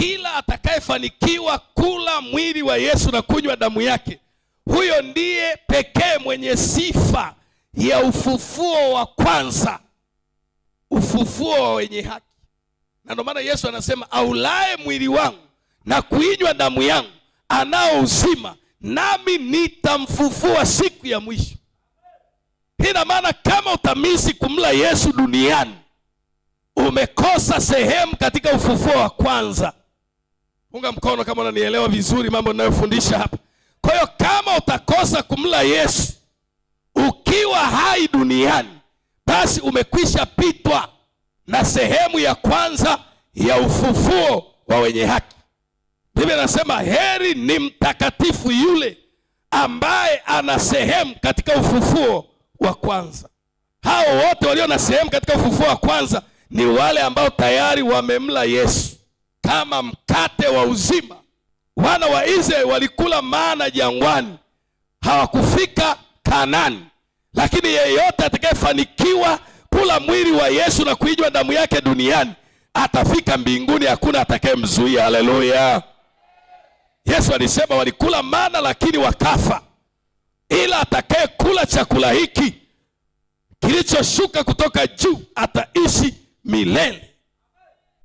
kila atakayefanikiwa kula mwili wa Yesu na kunywa damu yake, huyo ndiye pekee mwenye sifa ya ufufuo wa kwanza, ufufuo wa wenye haki. Na ndio maana Yesu anasema, aulae mwili wangu na kuinywa damu yangu anao uzima, nami nitamfufua siku ya mwisho. Ina maana kama utamisi kumla Yesu duniani, umekosa sehemu katika ufufuo wa kwanza. Unga mkono kama unanielewa vizuri mambo ninayofundisha hapa. Kwa hiyo kama utakosa kumla Yesu ukiwa hai duniani, basi umekwisha pitwa na sehemu ya kwanza ya ufufuo wa wenye haki. Biblia inasema heri ni mtakatifu yule ambaye ana sehemu katika ufufuo wa kwanza. Hao wote walio na sehemu katika ufufuo wa kwanza ni wale ambao tayari wamemla Yesu kama mkate wa uzima. Wana wa Israeli walikula mana jangwani, hawakufika Kanaani, lakini yeyote atakayefanikiwa kula mwili wa Yesu na kuinywa damu yake duniani atafika mbinguni, hakuna atakayemzuia. Haleluya! Yesu alisema walikula mana lakini wakafa, ila atakayekula chakula hiki kilichoshuka kutoka juu ataishi milele.